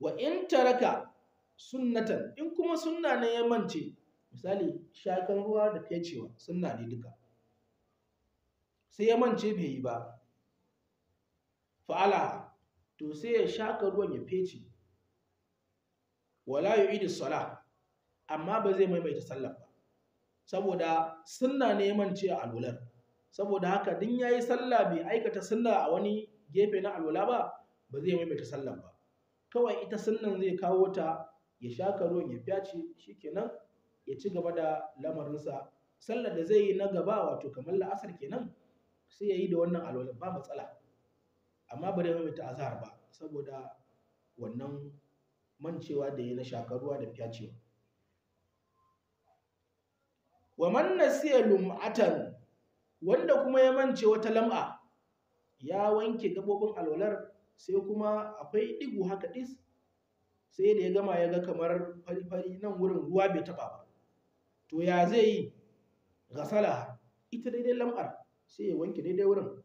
wa in taraka sunnatan in kuma sunna ne ya mance misali shakan ruwa da fecewa sunna ne duka sai ya mance bai yi ba fa'ala to sai ya shaka ruwan ya fece wala yu'idu salah amma ba zai maimaita sallah ba saboda sunna ne ya mance a alwalar saboda haka din yayi sallah bai aikata sunna a wani gefe na alwala ba ba zai maimaita sallah ba kawai ita sunnan zai kawo ta ya shaka karo ya fyace kenan ya ci gaba da lamarinsa sallar da zai yi na gaba wato kamar la'asar kenan sai ya yi da wannan alwalin ba matsala amma ba da mai ta'azahar ba saboda wannan mancewa da ya na shakaruwa da fyacewa wa man nasiya lum'atan wanda kuma ya mance wata lam'a ya wanke gabobin alwalar sai kuma akwai digu haka ɗis sai da ya gama ya ga kamar fari-fari nan wurin ruwa bai taɓa ba to ya zai yi gasala ita daidai lam'ar sai ya wanke daidai wurin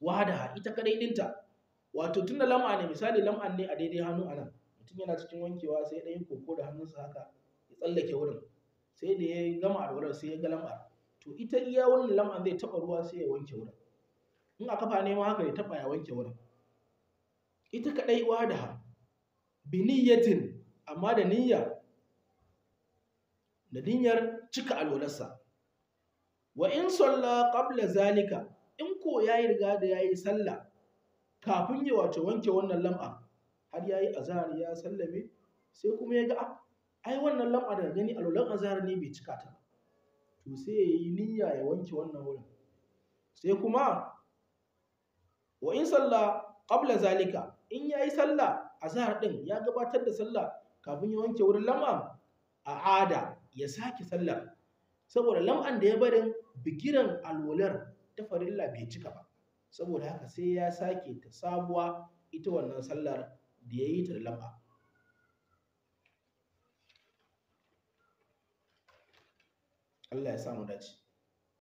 wahada ita kadai dinta wato tun da lam'a ne misali lam'an ne a daidai hannu anan mutum yana cikin wankewa sai ɗayan koko da hannunsa haka ya tsallake wurin sai da ya gama alwalar sai ya ga lam'ar to ita iya wannan lam'an zai taba ruwa sai ya wanke wurin in a kafa neman haka ya taba ya wanke wurin ita kaɗai wadaha biniyatin amma da niyya da niyyar cika alwalarsa wa in salla qabla zalika in ko yayi riga da yayi sallah kafin ya wato wanke wannan lam'a har yayi azhar ya sallame sai kuma ya ga ah, ai wannan lam'a da gani alwalar azhar ne bai cika ta to sai yayi niyya ya wanke wannan wurin sai kuma wa in salla qabla zalika in ya yi sallah a zahar ɗin ya gabatar da sallah kafin ya wanke wurin lam'a ada ya sake sallah, saboda lam'an da ya barin bigiran alwalar ta farilla bai cika ba saboda haka sai ya sake ta sabuwa ita wannan sallar da ya yi ta da lam'a Allah ya samu dace